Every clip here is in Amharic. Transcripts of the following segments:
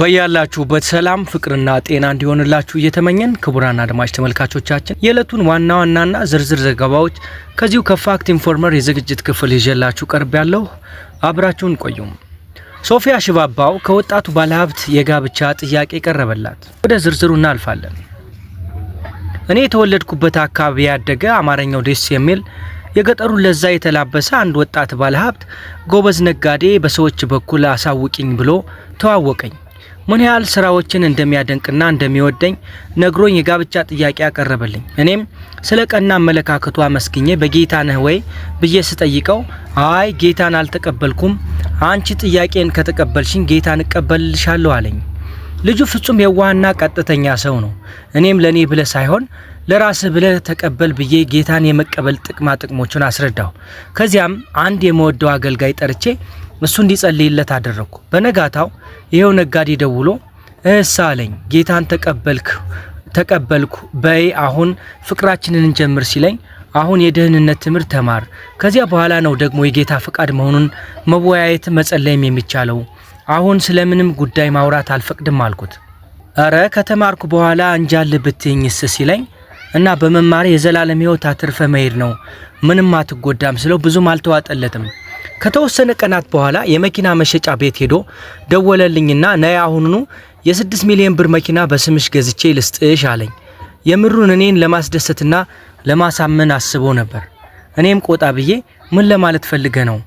በያላችሁበት ሰላም ፍቅርና ጤና እንዲሆንላችሁ እየተመኘን ክቡራን አድማጭ ተመልካቾቻችን የዕለቱን ዋና ዋናና ዝርዝር ዘገባዎች ከዚሁ ከፋክት ኢንፎርመር የዝግጅት ክፍል ይዤላችሁ ቀርብ ያለሁ አብራችሁን ቆዩም። ሶፊያ ሽባባው ከወጣቱ ባለሀብት የጋብቻ ጥያቄ ቀረበላት። ወደ ዝርዝሩ እናልፋለን። እኔ የተወለድኩበት አካባቢ ያደገ አማርኛው ደስ የሚል የገጠሩን ለዛ የተላበሰ አንድ ወጣት ባለሀብት ጎበዝ ነጋዴ በሰዎች በኩል አሳውቂኝ ብሎ ተዋወቀኝ። ምን ያህል ስራዎችን እንደሚያደንቅና እንደሚወደኝ ነግሮኝ የጋብቻ ጥያቄ አቀረበልኝ። እኔም ስለ ቀና አመለካከቱ አመስግኜ በጌታ ነህ ወይ ብዬ ስጠይቀው አይ ጌታን አልተቀበልኩም፣ አንቺ ጥያቄን ከተቀበልሽኝ ጌታን እቀበልልሻለሁ አለኝ። ልጁ ፍጹም የዋህና ቀጥተኛ ሰው ነው። እኔም ለእኔ ብለህ ሳይሆን ለራስህ ብለህ ተቀበል ብዬ ጌታን የመቀበል ጥቅማ ጥቅሞቹን አስረዳሁ። ከዚያም አንድ የመወደው አገልጋይ ጠርቼ እሱ እንዲጸልይለት አደረግኩ። በነጋታው ይኸው ነጋዴ ደውሎ እህሳ አለኝ። ጌታን ተቀበልክ ተቀበልኩ በይ አሁን ፍቅራችንን እንጀምር ሲለኝ አሁን የደህንነት ትምህርት ተማር፣ ከዚያ በኋላ ነው ደግሞ የጌታ ፈቃድ መሆኑን መወያየት መጸለይም የሚቻለው አሁን ስለምንም ጉዳይ ማውራት አልፈቅድም አልኩት። እረ ከተማርኩ በኋላ አንጃል ብትኝስ ሲለኝ እና በመማሪ የዘላለም ሕይወት አትርፈ መሄድ ነው ምንም አትጎዳም ስለው ብዙም አልተዋጠለትም። ከተወሰነ ቀናት በኋላ የመኪና መሸጫ ቤት ሄዶ ደወለልኝና ነይ አሁኑኑ የስድስት ሚሊዮን ብር መኪና በስምሽ ገዝቼ ልስጥሽ አለኝ። የምሩን እኔን ለማስደሰትና ለማሳመን አስቦ ነበር። እኔም ቆጣ ብዬ ምን ለማለት ፈልገ ነው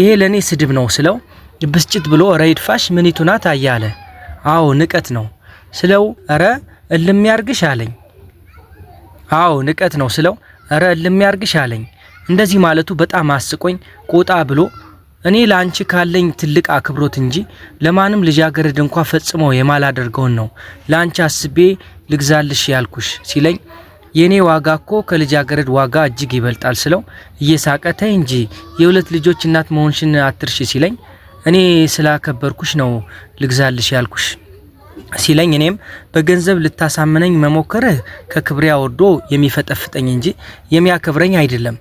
ይሄ ለእኔ ስድብ ነው ስለው ብስጭት ብሎ ኧረ ይድፋሽ ምኒቱ ናት አያለ። አዎ ንቀት ነው ስለው ኧረ እልም ያርግሽ አለኝ። አዎ ንቀት ነው ስለው ኧረ እልም ያርግሽ አለኝ። እንደዚህ ማለቱ በጣም አስቆኝ ቆጣ ብሎ እኔ ለአንቺ ካለኝ ትልቅ አክብሮት እንጂ ለማንም ልጃገረድ እንኳ ፈጽሞ የማላደርገውን ነው ለአንቺ አስቤ ልግዛልሽ ያልኩሽ ሲለኝ የእኔ ዋጋ እኮ ከልጃገረድ ዋጋ እጅግ ይበልጣል ስለው እየሳቀ ተይ እንጂ የሁለት ልጆች እናት መሆንሽን አትርሺ ሲለኝ እኔ ስላከበርኩሽ ነው ልግዛልሽ ያልኩሽ ሲለኝ እኔም በገንዘብ ልታሳምነኝ መሞከርህ ከክብሬ አወርዶ የሚፈጠፍጠኝ እንጂ የሚያከብረኝ አይደለም።